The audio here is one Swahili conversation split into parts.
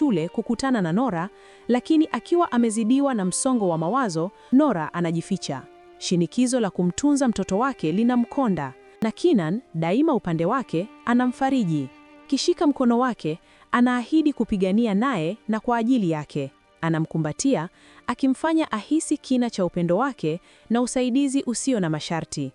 shule kukutana na Nora, lakini akiwa amezidiwa na msongo wa mawazo, Nora anajificha. Shinikizo la kumtunza mtoto wake linamkonda, na Kinan daima upande wake anamfariji. Kishika mkono wake, anaahidi kupigania naye na kwa ajili yake. Anamkumbatia akimfanya ahisi kina cha upendo wake na usaidizi usio na masharti.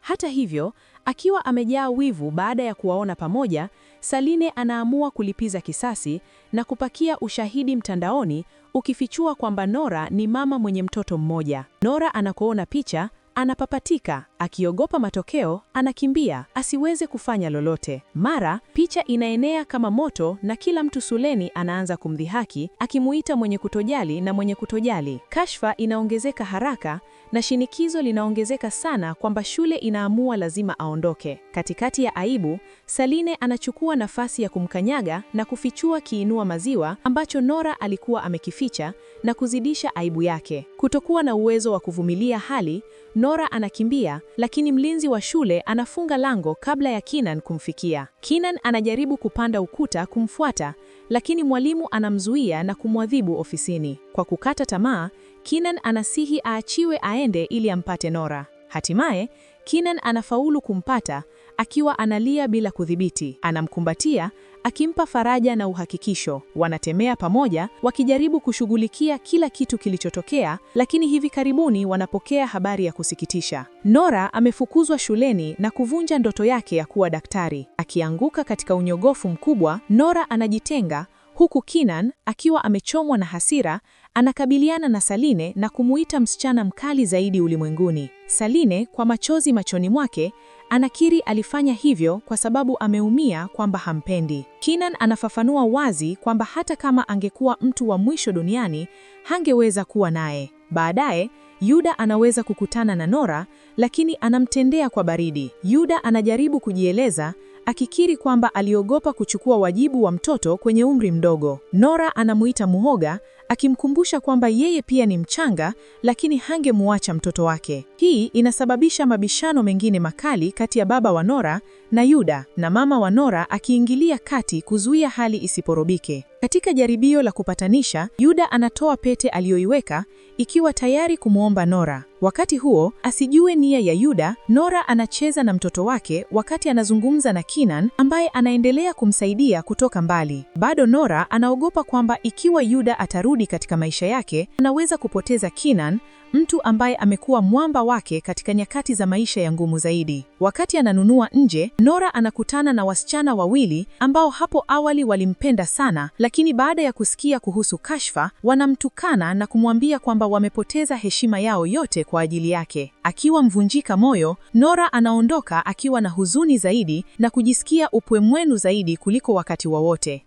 Hata hivyo, akiwa amejaa wivu baada ya kuwaona pamoja, Saline anaamua kulipiza kisasi na kupakia ushahidi mtandaoni ukifichua kwamba Nora ni mama mwenye mtoto mmoja. Nora anakoona picha Anapapatika akiogopa matokeo, anakimbia asiweze kufanya lolote. Mara picha inaenea kama moto, na kila mtu Suleni anaanza kumdhihaki akimuita mwenye kutojali na mwenye kutojali. Kashfa inaongezeka haraka na shinikizo linaongezeka sana kwamba shule inaamua lazima aondoke. Katikati ya aibu, Saline anachukua nafasi ya kumkanyaga na kufichua kiinua maziwa ambacho Nora alikuwa amekificha na kuzidisha aibu yake. Kutokuwa na uwezo wa kuvumilia hali Nora anakimbia, lakini mlinzi wa shule anafunga lango kabla ya Kinan kumfikia. Kinan anajaribu kupanda ukuta kumfuata, lakini mwalimu anamzuia na kumwadhibu ofisini. Kwa kukata tamaa, Kinan anasihi aachiwe aende ili ampate Nora. Hatimaye, Kinan anafaulu kumpata akiwa analia bila kudhibiti. Anamkumbatia akimpa faraja na uhakikisho. Wanatembea pamoja wakijaribu kushughulikia kila kitu kilichotokea, lakini hivi karibuni wanapokea habari ya kusikitisha. Nora amefukuzwa shuleni na kuvunja ndoto yake ya kuwa daktari. Akianguka katika unyogofu mkubwa, Nora anajitenga huku Kinan akiwa amechomwa na hasira anakabiliana na Saline na kumuita msichana mkali zaidi ulimwenguni. Saline kwa machozi machoni mwake Anakiri alifanya hivyo kwa sababu ameumia kwamba hampendi. kinan anafafanua wazi kwamba hata kama angekuwa mtu wa mwisho duniani, hangeweza kuwa naye. Baadaye, Yuda anaweza kukutana na Nora, lakini anamtendea kwa baridi. Yuda anajaribu kujieleza, akikiri kwamba aliogopa kuchukua wajibu wa mtoto kwenye umri mdogo. Nora anamuita muhoga akimkumbusha kwamba yeye pia ni mchanga, lakini hangemwacha mtoto wake. Hii inasababisha mabishano mengine makali kati ya baba wa Nora na Yuda, na mama wa Nora akiingilia kati kuzuia hali isiporobike. Katika jaribio la kupatanisha, Yuda anatoa pete aliyoiweka ikiwa tayari kumwomba Nora. Wakati huo, asijue nia ya Yuda, Nora anacheza na mtoto wake wakati anazungumza na Kinan ambaye anaendelea kumsaidia kutoka mbali. Bado Nora anaogopa kwamba ikiwa Yuda atarudi katika maisha yake, anaweza kupoteza Kinan mtu ambaye amekuwa mwamba wake katika nyakati za maisha ya ngumu zaidi. Wakati ananunua nje, Nora anakutana na wasichana wawili ambao hapo awali walimpenda sana, lakini baada ya kusikia kuhusu kashfa, wanamtukana na kumwambia kwamba wamepoteza heshima yao yote kwa ajili yake. Akiwa mvunjika moyo, Nora anaondoka akiwa na huzuni zaidi na kujisikia upwemwenu zaidi kuliko wakati wowote.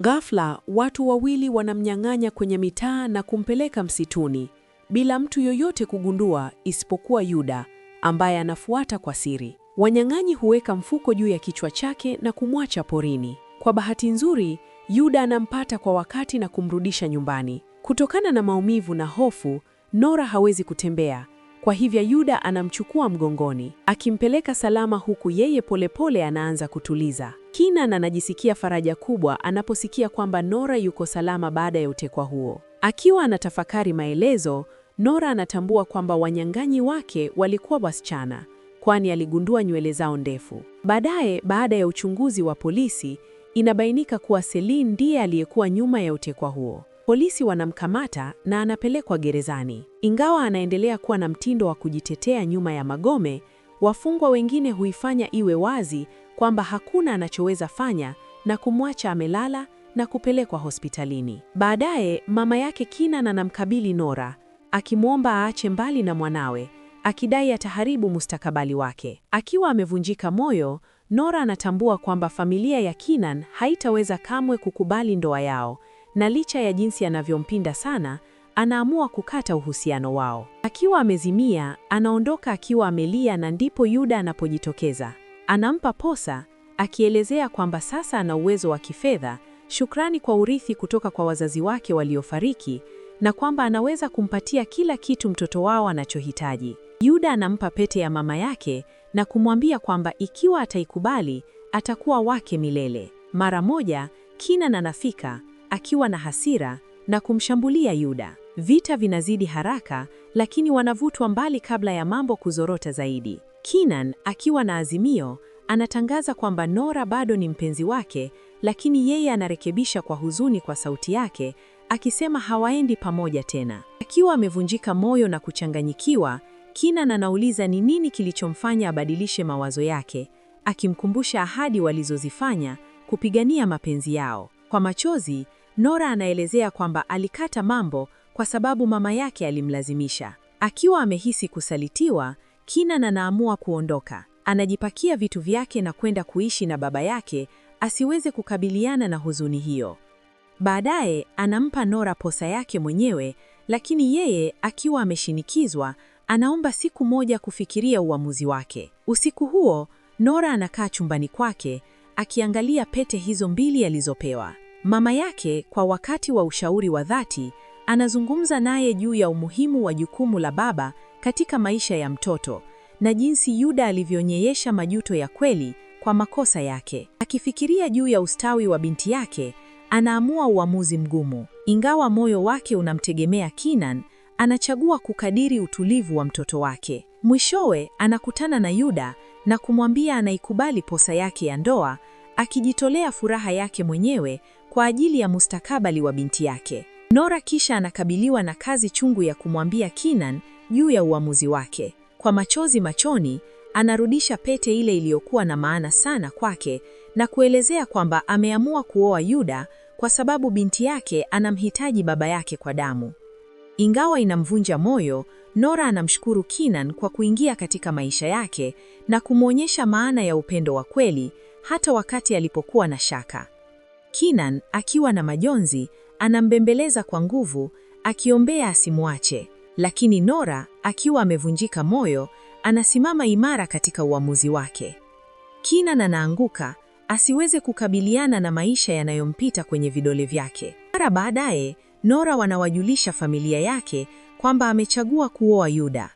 Ghafla, watu wawili wanamnyang'anya kwenye mitaa na kumpeleka msituni bila mtu yoyote kugundua isipokuwa Yuda ambaye anafuata kwa siri. Wanyang'anyi huweka mfuko juu ya kichwa chake na kumwacha porini. Kwa bahati nzuri, Yuda anampata kwa wakati na kumrudisha nyumbani. Kutokana na maumivu na hofu, Nora hawezi kutembea. Kwa hivyo Yuda anamchukua mgongoni, akimpeleka salama huku yeye polepole pole anaanza kutuliza. Kinan anajisikia faraja kubwa anaposikia kwamba Nora yuko salama baada ya utekwa huo. Akiwa anatafakari maelezo, Nora anatambua kwamba wanyang'anyi wake walikuwa wasichana, kwani aligundua nywele zao ndefu. Baadaye, baada ya uchunguzi wa polisi, inabainika kuwa Celine ndiye aliyekuwa nyuma ya utekwa huo. Polisi wanamkamata na anapelekwa gerezani. Ingawa anaendelea kuwa na mtindo wa kujitetea nyuma ya magome, wafungwa wengine huifanya iwe wazi kwamba hakuna anachoweza fanya na kumwacha amelala na kupelekwa hospitalini. Baadaye mama yake Kinan anamkabili Nora akimwomba aache mbali na mwanawe, akidai ataharibu mustakabali wake. Akiwa amevunjika moyo, Nora anatambua kwamba familia ya Kinan haitaweza kamwe kukubali ndoa yao, na licha ya jinsi anavyompinda sana, anaamua kukata uhusiano wao. Akiwa amezimia, anaondoka akiwa amelia, na ndipo Yuda anapojitokeza. Anampa posa akielezea kwamba sasa ana uwezo wa kifedha shukrani kwa urithi kutoka kwa wazazi wake waliofariki na kwamba anaweza kumpatia kila kitu mtoto wao anachohitaji. Yuda anampa pete ya mama yake na kumwambia kwamba ikiwa ataikubali atakuwa wake milele. Mara moja Kinan anafika akiwa na hasira na kumshambulia Yuda. Vita vinazidi haraka, lakini wanavutwa mbali kabla ya mambo kuzorota zaidi. Kinan akiwa na azimio anatangaza kwamba Nora bado ni mpenzi wake lakini yeye anarekebisha kwa huzuni kwa sauti yake akisema hawaendi pamoja tena. Akiwa amevunjika moyo na kuchanganyikiwa, Kinan anauliza ni nini kilichomfanya abadilishe mawazo yake, akimkumbusha ahadi walizozifanya kupigania mapenzi yao. Kwa machozi, Nora anaelezea kwamba alikata mambo kwa sababu mama yake alimlazimisha. Akiwa amehisi kusalitiwa, Kinan anaamua kuondoka. Anajipakia vitu vyake na kwenda kuishi na baba yake asiweze kukabiliana na huzuni hiyo. Baadaye anampa Nora posa yake mwenyewe, lakini yeye akiwa ameshinikizwa, anaomba siku moja kufikiria uamuzi wake. Usiku huo Nora anakaa chumbani kwake akiangalia pete hizo mbili alizopewa. Mama yake kwa wakati wa ushauri wa dhati anazungumza naye juu ya umuhimu wa jukumu la baba katika maisha ya mtoto na jinsi Yuda alivyonyeyesha majuto ya kweli kwa makosa yake. Akifikiria juu ya ustawi wa binti yake, anaamua uamuzi mgumu. Ingawa moyo wake unamtegemea Kinan, anachagua kukadiri utulivu wa mtoto wake. Mwishowe anakutana na Yuda na kumwambia anaikubali posa yake ya ndoa, akijitolea furaha yake mwenyewe kwa ajili ya mustakabali wa binti yake. Nora kisha anakabiliwa na kazi chungu ya kumwambia Kinan juu ya uamuzi wake. Kwa machozi machoni, anarudisha pete ile iliyokuwa na maana sana kwake na kuelezea kwamba ameamua kuoa Yuda kwa sababu binti yake anamhitaji baba yake kwa damu. Ingawa inamvunja moyo, Nora anamshukuru Kinan kwa kuingia katika maisha yake na kumwonyesha maana ya upendo wa kweli hata wakati alipokuwa na shaka. Kinan, akiwa na majonzi, anambembeleza kwa nguvu akiombea asimwache, lakini Nora, akiwa amevunjika moyo, anasimama imara katika uamuzi wake. Kina na naanguka asiweze kukabiliana na maisha yanayompita kwenye vidole vyake. Mara baadaye, Nora wanawajulisha familia yake kwamba amechagua kuoa Yuda.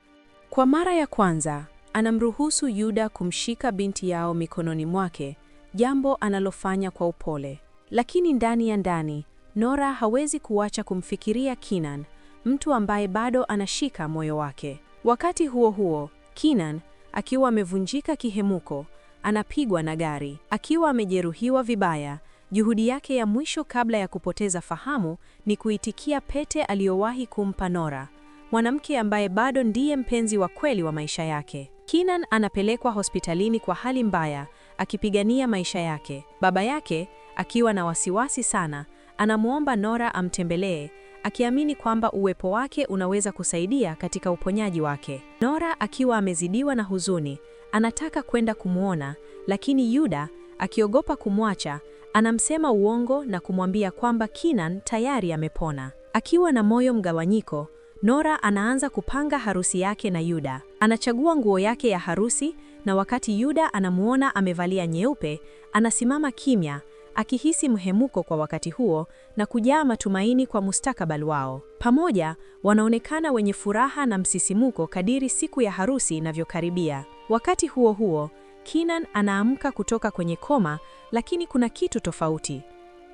Kwa mara ya kwanza, anamruhusu Yuda kumshika binti yao mikononi mwake, jambo analofanya kwa upole. Lakini ndani ya ndani, Nora hawezi kuacha kumfikiria Kinan, mtu ambaye bado anashika moyo wake. Wakati huo huo, Kinan akiwa amevunjika kihemuko, anapigwa na gari. Akiwa amejeruhiwa vibaya, juhudi yake ya mwisho kabla ya kupoteza fahamu ni kuitikia pete aliyowahi kumpa Nora, mwanamke ambaye bado ndiye mpenzi wa kweli wa maisha yake. Kinan anapelekwa hospitalini kwa hali mbaya, akipigania maisha yake. Baba yake akiwa na wasiwasi sana, anamwomba Nora amtembelee akiamini kwamba uwepo wake unaweza kusaidia katika uponyaji wake. Nora akiwa amezidiwa na huzuni, anataka kwenda kumwona, lakini Yuda akiogopa kumwacha, anamsema uongo na kumwambia kwamba Kinan tayari amepona. Akiwa na moyo mgawanyiko, Nora anaanza kupanga harusi yake na Yuda. Anachagua nguo yake ya harusi na wakati Yuda anamuona amevalia nyeupe, anasimama kimya akihisi mhemuko kwa wakati huo na kujaa matumaini kwa mustakabali wao. Pamoja wanaonekana wenye furaha na msisimuko kadiri siku ya harusi inavyokaribia. Wakati huo huo, Kinan anaamka kutoka kwenye koma, lakini kuna kitu tofauti.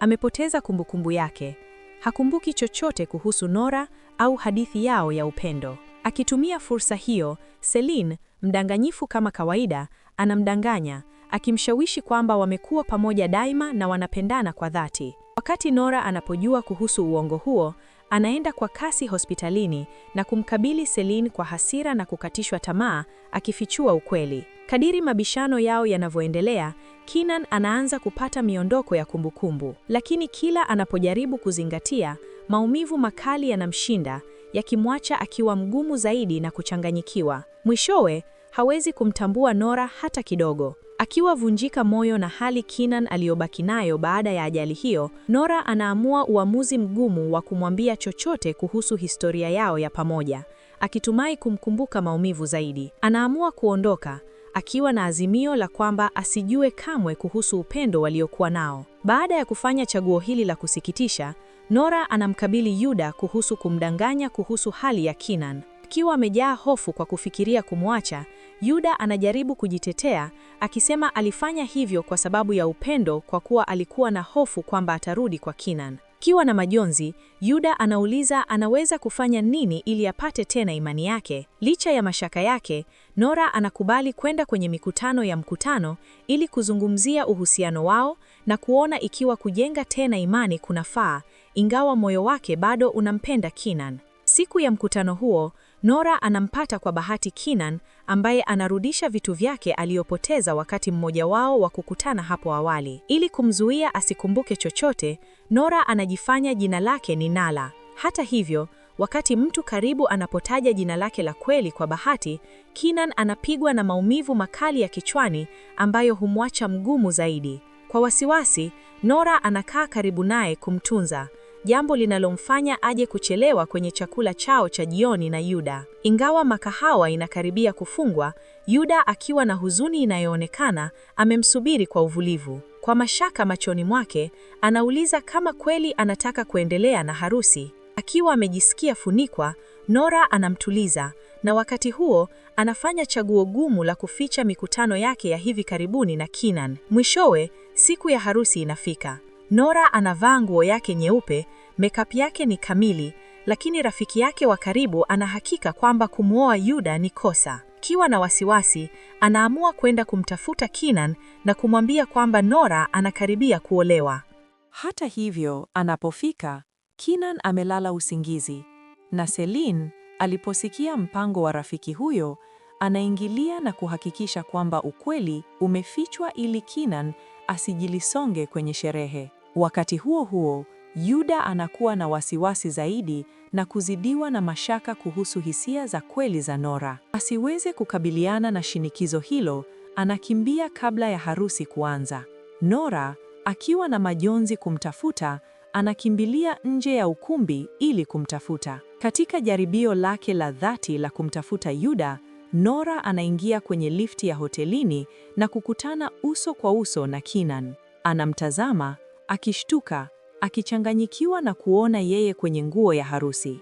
Amepoteza kumbukumbu yake. Hakumbuki chochote kuhusu Nora au hadithi yao ya upendo. Akitumia fursa hiyo, Celine, mdanganyifu kama kawaida, anamdanganya akimshawishi kwamba wamekuwa pamoja daima na wanapendana kwa dhati. Wakati Nora anapojua kuhusu uongo huo, anaenda kwa kasi hospitalini na kumkabili Celine kwa hasira na kukatishwa tamaa, akifichua ukweli. Kadiri mabishano yao yanavyoendelea, Kinan anaanza kupata miondoko ya kumbukumbu, lakini kila anapojaribu kuzingatia, maumivu makali yanamshinda, yakimwacha akiwa mgumu zaidi na kuchanganyikiwa. Mwishowe, hawezi kumtambua Nora hata kidogo. Akiwa vunjika moyo na hali Keenan aliyobaki nayo baada ya ajali hiyo, Nora anaamua uamuzi mgumu wa kumwambia chochote kuhusu historia yao ya pamoja, akitumai kumkumbuka maumivu zaidi. Anaamua kuondoka akiwa na azimio la kwamba asijue kamwe kuhusu upendo waliokuwa nao. Baada ya kufanya chaguo hili la kusikitisha, Nora anamkabili Yuda kuhusu kumdanganya kuhusu hali ya Keenan. Akiwa amejaa hofu kwa kufikiria kumwacha, Yuda anajaribu kujitetea akisema alifanya hivyo kwa sababu ya upendo kwa kuwa alikuwa na hofu kwamba atarudi kwa Kinan. Akiwa na majonzi, Yuda anauliza anaweza kufanya nini ili apate tena imani yake. Licha ya mashaka yake, Nora anakubali kwenda kwenye mikutano ya mkutano ili kuzungumzia uhusiano wao na kuona ikiwa kujenga tena imani kunafaa, ingawa moyo wake bado unampenda Kinan. Siku ya mkutano huo, Nora anampata kwa bahati Kinan ambaye anarudisha vitu vyake aliyopoteza wakati mmoja wao wa kukutana hapo awali. Ili kumzuia asikumbuke chochote, Nora anajifanya jina lake ni Nala. Hata hivyo, wakati mtu karibu anapotaja jina lake la kweli kwa bahati, Kinan anapigwa na maumivu makali ya kichwani ambayo humwacha mgumu zaidi. Kwa wasiwasi, Nora anakaa karibu naye kumtunza jambo linalomfanya aje kuchelewa kwenye chakula chao cha jioni na Yuda. Ingawa makahawa inakaribia kufungwa, Yuda akiwa na huzuni inayoonekana amemsubiri kwa uvulivu. Kwa mashaka machoni mwake, anauliza kama kweli anataka kuendelea na harusi. Akiwa amejisikia funikwa, Nora anamtuliza na wakati huo anafanya chaguo gumu la kuficha mikutano yake ya hivi karibuni na Kinan. Mwishowe, siku ya harusi inafika. Nora anavaa nguo yake nyeupe, makeup yake ni kamili, lakini rafiki yake wa karibu anahakika kwamba kumwoa Yuda ni kosa. Kiwa na wasiwasi, anaamua kwenda kumtafuta Kinan na kumwambia kwamba Nora anakaribia kuolewa. Hata hivyo, anapofika, Kinan amelala usingizi, na Celine aliposikia mpango wa rafiki huyo, anaingilia na kuhakikisha kwamba ukweli umefichwa ili Kinan asijilisonge kwenye sherehe. Wakati huo huo, Yuda anakuwa na wasiwasi zaidi na kuzidiwa na mashaka kuhusu hisia za kweli za Nora. Asiweze kukabiliana na shinikizo hilo, anakimbia kabla ya harusi kuanza. Nora, akiwa na majonzi kumtafuta, anakimbilia nje ya ukumbi ili kumtafuta. Katika jaribio lake la dhati la kumtafuta Yuda, Nora anaingia kwenye lifti ya hotelini na kukutana uso kwa uso na Kinan. Anamtazama akishtuka, akichanganyikiwa na kuona yeye kwenye nguo ya harusi.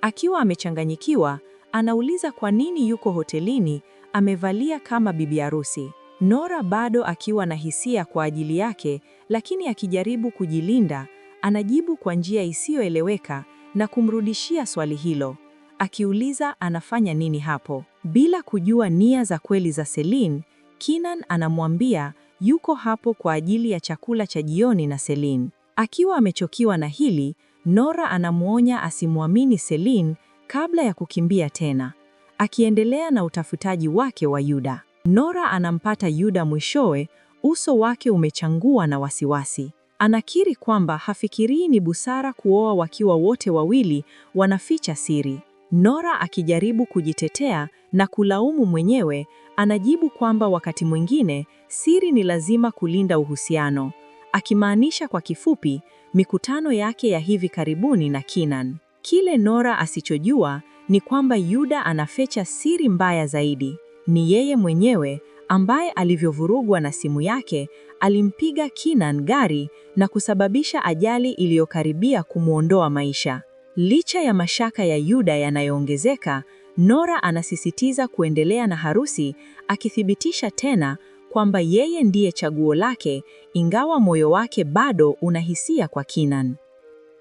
Akiwa amechanganyikiwa, anauliza kwa nini yuko hotelini amevalia kama bibi harusi. Nora bado akiwa na hisia kwa ajili yake, lakini akijaribu kujilinda, anajibu kwa njia isiyoeleweka na kumrudishia swali hilo, akiuliza anafanya nini hapo. Bila kujua nia za kweli za Celine, Kinan anamwambia yuko hapo kwa ajili ya chakula cha jioni na Celine. Akiwa amechokiwa na hili, Nora anamwonya asimwamini Celine kabla ya kukimbia tena. Akiendelea na utafutaji wake wa Yuda, Nora anampata Yuda mwishowe, uso wake umechangua na wasiwasi. Anakiri kwamba hafikirii ni busara kuoa wakiwa wote wawili wanaficha siri. Nora akijaribu kujitetea na kulaumu mwenyewe, anajibu kwamba wakati mwingine siri ni lazima kulinda uhusiano, akimaanisha kwa kifupi mikutano yake ya hivi karibuni na Kinan. Kile Nora asichojua ni kwamba Yuda anaficha siri mbaya zaidi. Ni yeye mwenyewe ambaye alivyovurugwa na simu yake alimpiga Kinan gari na kusababisha ajali iliyokaribia kumwondoa maisha. Licha ya mashaka ya Yuda yanayoongezeka, Nora anasisitiza kuendelea na harusi, akithibitisha tena kwamba yeye ndiye chaguo lake, ingawa moyo wake bado unahisia kwa Kinan.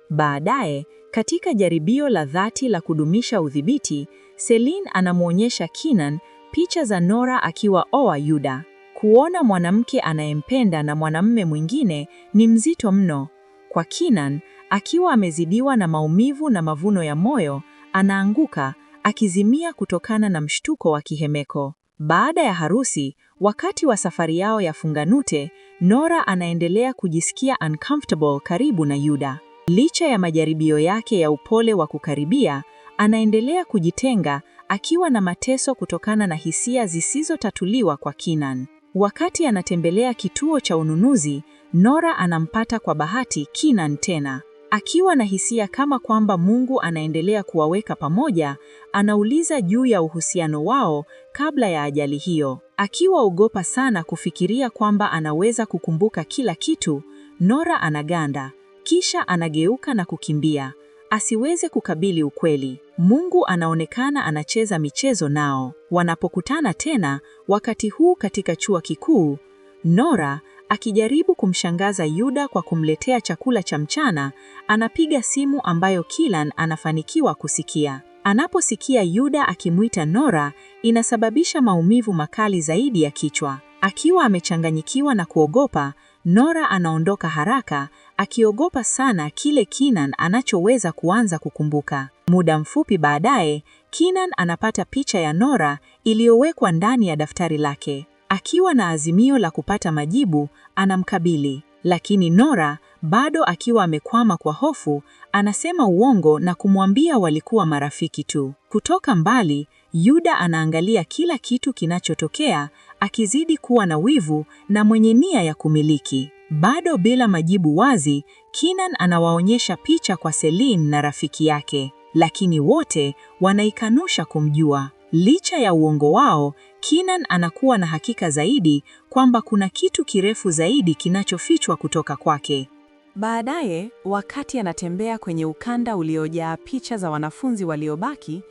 Baadaye, katika jaribio la dhati la kudumisha udhibiti, Celine anamwonyesha Kinan picha za Nora akiwa oa Yuda. Kuona mwanamke anayempenda na mwanamume mwingine ni mzito mno. Kwa Kinan, akiwa amezidiwa na maumivu na mavuno ya moyo, anaanguka akizimia kutokana na mshtuko wa kihemeko. Baada ya harusi, wakati wa safari yao ya Funganute, Nora anaendelea kujisikia uncomfortable karibu na Yuda. Licha ya majaribio yake ya upole wa kukaribia, anaendelea kujitenga akiwa na mateso kutokana na hisia zisizotatuliwa kwa Kinan. Wakati anatembelea kituo cha ununuzi, Nora anampata kwa bahati Kinan tena. Akiwa na hisia kama kwamba Mungu anaendelea kuwaweka pamoja, anauliza juu ya uhusiano wao kabla ya ajali hiyo. Akiwa ogopa sana kufikiria kwamba anaweza kukumbuka kila kitu, Nora anaganda, kisha anageuka na kukimbia, asiweze kukabili ukweli. Mungu anaonekana anacheza michezo nao. Wanapokutana tena, wakati huu katika chuo kikuu, Nora Akijaribu kumshangaza Yuda kwa kumletea chakula cha mchana, anapiga simu ambayo Kilan anafanikiwa kusikia. Anaposikia Yuda akimwita Nora, inasababisha maumivu makali zaidi ya kichwa. Akiwa amechanganyikiwa na kuogopa, Nora anaondoka haraka, akiogopa sana kile Kinan anachoweza kuanza kukumbuka. Muda mfupi baadaye, Kinan anapata picha ya Nora iliyowekwa ndani ya daftari lake. Akiwa na azimio la kupata majibu, anamkabili, lakini Nora bado akiwa amekwama kwa hofu, anasema uongo na kumwambia walikuwa marafiki tu. Kutoka mbali, Yuda anaangalia kila kitu kinachotokea, akizidi kuwa na wivu na mwenye nia ya kumiliki. Bado bila majibu wazi, Kinan anawaonyesha picha kwa Celine na rafiki yake, lakini wote wanaikanusha kumjua. Licha ya uongo wao, kinan anakuwa na hakika zaidi kwamba kuna kitu kirefu zaidi kinachofichwa kutoka kwake. Baadaye, wakati anatembea kwenye ukanda uliojaa picha za wanafunzi waliobaki,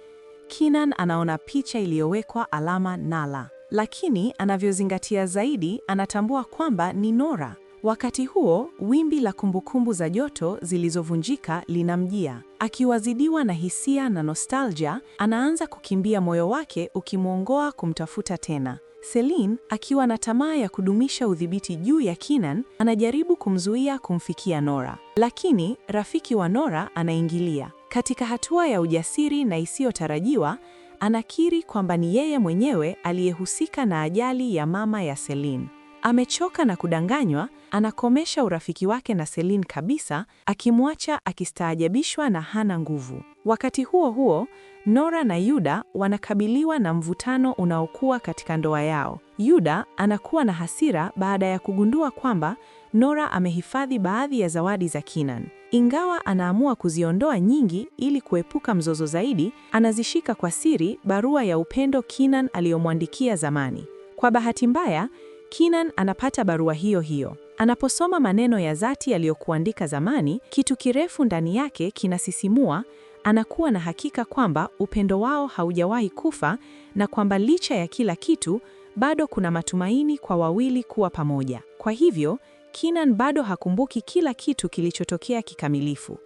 kinan anaona picha iliyowekwa alama Nala, lakini anavyozingatia zaidi, anatambua kwamba ni Nora. Wakati huo, wimbi la kumbukumbu za joto zilizovunjika linamjia. Akiwazidiwa na hisia na nostalgia, anaanza kukimbia, moyo wake ukimwongoa kumtafuta tena. Celine, akiwa na tamaa ya kudumisha udhibiti juu ya Kinan, anajaribu kumzuia kumfikia Nora. Lakini rafiki wa Nora anaingilia. Katika hatua ya ujasiri na isiyotarajiwa, anakiri kwamba ni yeye mwenyewe aliyehusika na ajali ya mama ya Celine. Amechoka na kudanganywa, anakomesha urafiki wake na Celine kabisa, akimwacha akistaajabishwa na hana nguvu. Wakati huo huo, Nora na Yuda wanakabiliwa na mvutano unaokuwa katika ndoa yao. Yuda anakuwa na hasira baada ya kugundua kwamba Nora amehifadhi baadhi ya zawadi za Kinan. Ingawa anaamua kuziondoa nyingi ili kuepuka mzozo zaidi, anazishika kwa siri barua ya upendo Kinan aliyomwandikia zamani. Kwa bahati mbaya, Kinan anapata barua hiyo hiyo. Anaposoma maneno ya Zati aliyokuandika zamani, kitu kirefu ndani yake kinasisimua. Anakuwa na hakika kwamba upendo wao haujawahi kufa na kwamba licha ya kila kitu, bado kuna matumaini kwa wawili kuwa pamoja. Kwa hivyo, Kinan bado hakumbuki kila kitu kilichotokea kikamilifu,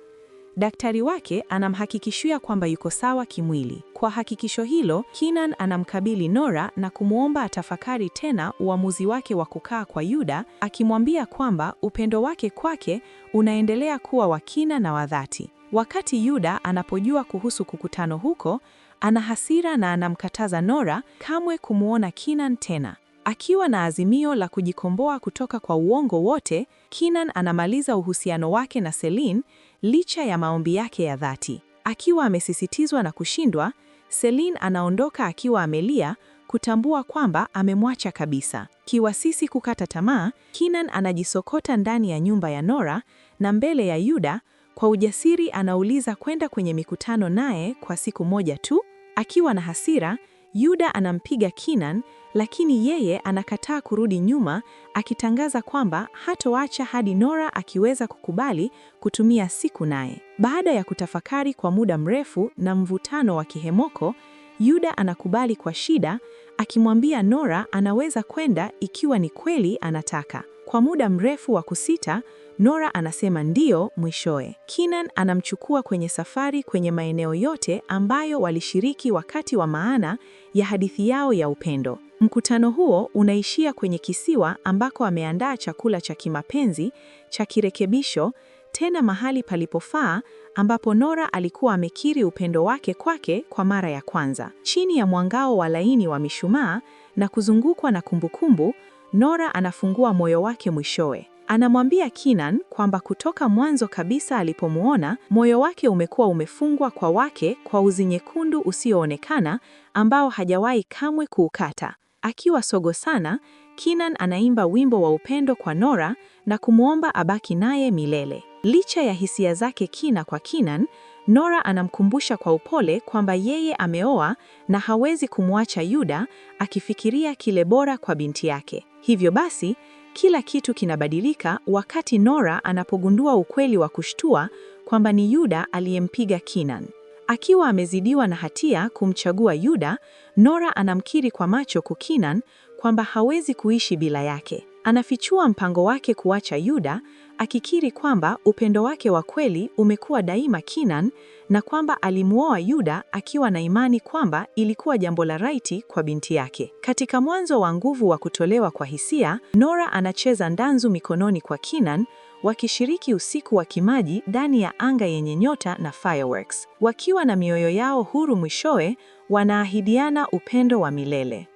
Daktari wake anamhakikishia kwamba yuko sawa kimwili. Kwa hakikisho hilo, Kinan anamkabili Nora na kumwomba atafakari tena uamuzi wake wa kukaa kwa Yuda, akimwambia kwamba upendo wake kwake unaendelea kuwa wa kina na wa dhati. Wakati Yuda anapojua kuhusu kukutano huko, ana hasira na anamkataza Nora kamwe kumwona Kinan tena. Akiwa na azimio la kujikomboa kutoka kwa uongo wote, Kinan anamaliza uhusiano wake na Celine Licha ya maombi yake ya dhati, akiwa amesisitizwa na kushindwa, Celine anaondoka akiwa amelia kutambua kwamba amemwacha kabisa. Kiwasisi kukata tamaa, Kinan anajisokota ndani ya nyumba ya Nora na mbele ya Yuda kwa ujasiri anauliza kwenda kwenye mikutano naye kwa siku moja tu. Akiwa na hasira, Yuda anampiga Kinan, lakini yeye anakataa kurudi nyuma, akitangaza kwamba hatoacha hadi Nora akiweza kukubali kutumia siku naye. Baada ya kutafakari kwa muda mrefu na mvutano wa kihemoko, Yuda anakubali kwa shida, akimwambia Nora anaweza kwenda ikiwa ni kweli anataka. Kwa muda mrefu wa kusita, Nora anasema ndiyo mwishowe. Kinan anamchukua kwenye safari kwenye maeneo yote ambayo walishiriki wakati wa maana ya hadithi yao ya upendo. Mkutano huo unaishia kwenye kisiwa ambako ameandaa chakula cha kimapenzi cha kirekebisho, tena mahali palipofaa ambapo Nora alikuwa amekiri upendo wake kwake kwa mara ya kwanza. Chini ya mwangao wa laini wa mishumaa na kuzungukwa na kumbukumbu, Nora anafungua moyo wake mwishowe. Anamwambia Kinan kwamba kutoka mwanzo kabisa alipomuona, moyo wake umekuwa umefungwa kwa wake kwa uzi nyekundu usioonekana ambao hajawahi kamwe kuukata. Akiwa sogo sana, Kinan anaimba wimbo wa upendo kwa Nora na kumwomba abaki naye milele. Licha ya hisia zake kina kwa Kinan, Nora anamkumbusha kwa upole kwamba yeye ameoa na hawezi kumwacha Yuda akifikiria kile bora kwa binti yake. Hivyo basi, kila kitu kinabadilika wakati Nora anapogundua ukweli wa kushtua kwamba ni Yuda aliyempiga Kinan. Akiwa amezidiwa na hatia kumchagua Yuda, Nora anamkiri kwa macho kukinan kwamba hawezi kuishi bila yake. Anafichua mpango wake kuacha Yuda akikiri kwamba upendo wake wa kweli umekuwa daima Kinan na kwamba alimwoa Yuda akiwa na imani kwamba ilikuwa jambo la raiti kwa binti yake. Katika mwanzo wa nguvu wa kutolewa kwa hisia, Nora anacheza ndanzu mikononi kwa Kinan wakishiriki usiku wa kimaji ndani ya anga yenye nyota na fireworks. Wakiwa na mioyo yao huru mwishowe, wanaahidiana upendo wa milele.